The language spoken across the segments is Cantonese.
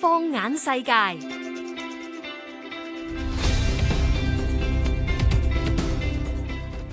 放眼世界。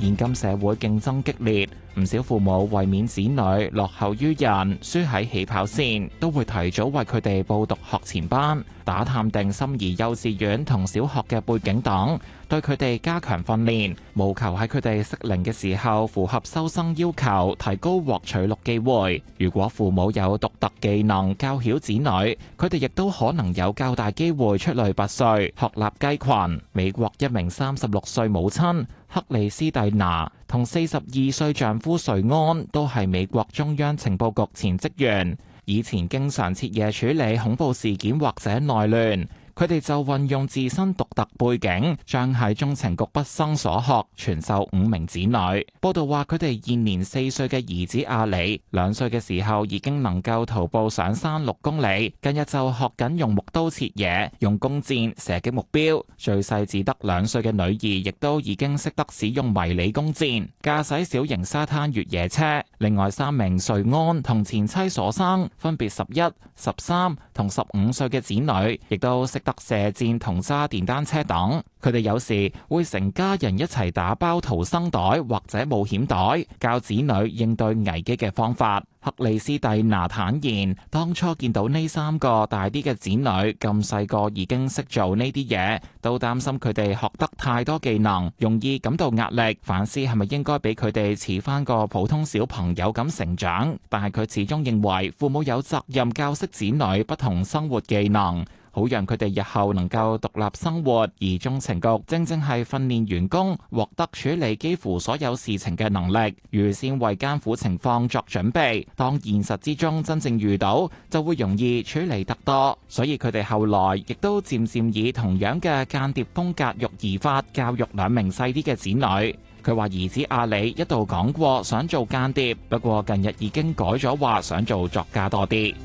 現今社會競爭激烈，唔少父母為免子女落後於人、輸喺起跑線，都會提早為佢哋報讀學前班、打探定心儀幼稚園同小學嘅背景等，對佢哋加強訓練，務求喺佢哋適齡嘅時候符合收生要求，提高獲取錄機會。如果父母有獨特技能教曉子女，佢哋亦都可能有較大機會出類拔萃、鶴立雞群。美國一名三十六歲母親，克里斯蒂娜同四十二歲丈夫瑞安都係美國中央情報局前職員，以前經常徹夜處理恐怖事件或者內亂。佢哋就運用自身獨特背景，將喺中情局畢生所學傳授五名子女。報道話佢哋現年四歲嘅兒子阿里，兩歲嘅時候已經能夠徒步上山六公里，近日就學緊用木刀切嘢，用弓箭射擊目標。最細只得兩歲嘅女兒，亦都已經識得使用迷你弓箭，駕駛小型沙灘越野車。另外三名瑞安同前妻所生，分別十一、十三同十五歲嘅子女，亦都識射箭同揸電單車等，佢哋有時會成家人一齊打包逃生袋或者冒險袋，教子女應對危機嘅方法。克里斯蒂娜坦言，當初見到呢三個大啲嘅子女咁細個已經識做呢啲嘢，都擔心佢哋學得太多技能，容易感到壓力。反思係咪應該俾佢哋似翻個普通小朋友咁成長？但係佢始終認為，父母有責任教識子女不同生活技能。好讓佢哋日後能夠獨立生活，而中情局正正係訓練員工獲得處理幾乎所有事情嘅能力，預先為艱苦情況作準備。當現實之中真正遇到，就會容易處理得多。所以佢哋後來亦都漸漸以同樣嘅間諜風格育兒法教育兩名細啲嘅子女。佢話兒子阿里一度講過想做間諜，不過近日已經改咗話想做作家多啲。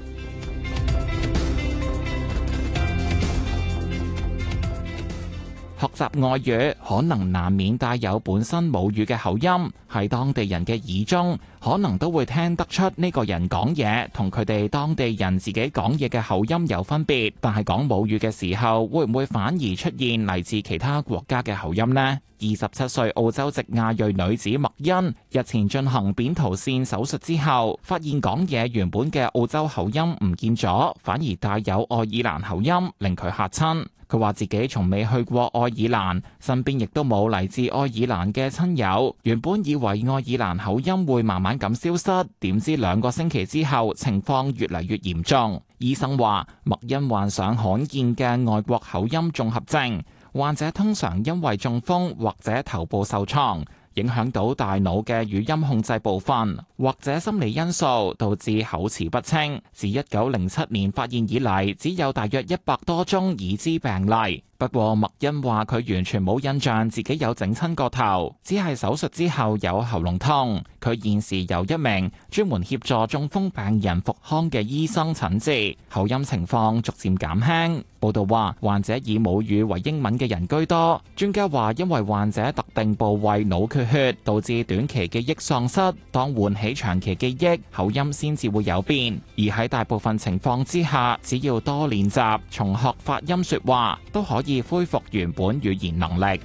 學習外語可能難免帶有本身母語嘅口音，喺當地人嘅耳中可能都會聽得出呢個人講嘢同佢哋當地人自己講嘢嘅口音有分別，但係講母語嘅時候會唔會反而出現嚟自其他國家嘅口音呢？二十七歲澳洲籍亞裔女子麥恩日前進行扁桃腺手術之後，發現講嘢原本嘅澳洲口音唔見咗，反而帶有愛爾蘭口音，令佢嚇親。佢話自己從未去過愛爾蘭，身邊亦都冇嚟自愛爾蘭嘅親友。原本以為愛爾蘭口音會慢慢咁消失，點知兩個星期之後，情況越嚟越嚴重。醫生話麥恩患上罕見嘅外國口音綜合症。患者通常因為中風或者頭部受創，影響到大腦嘅語音控制部分，或者心理因素，導致口齒不清。自一九零七年發現以嚟，只有大約一百多宗已知病例。不過麥恩話佢完全冇印象自己有整親個頭，只係手術之後有喉嚨痛。佢現時由一名專門協助中風病人復康嘅醫生診治，口音情況逐漸減輕。報道話患者以母語為英文嘅人居多。專家話因為患者特定部位腦缺血，導致短期記憶喪失，當喚起長期記憶，口音先至會有變。而喺大部分情況之下，只要多練習，重學發音說話都可以。以恢復原本語言能力。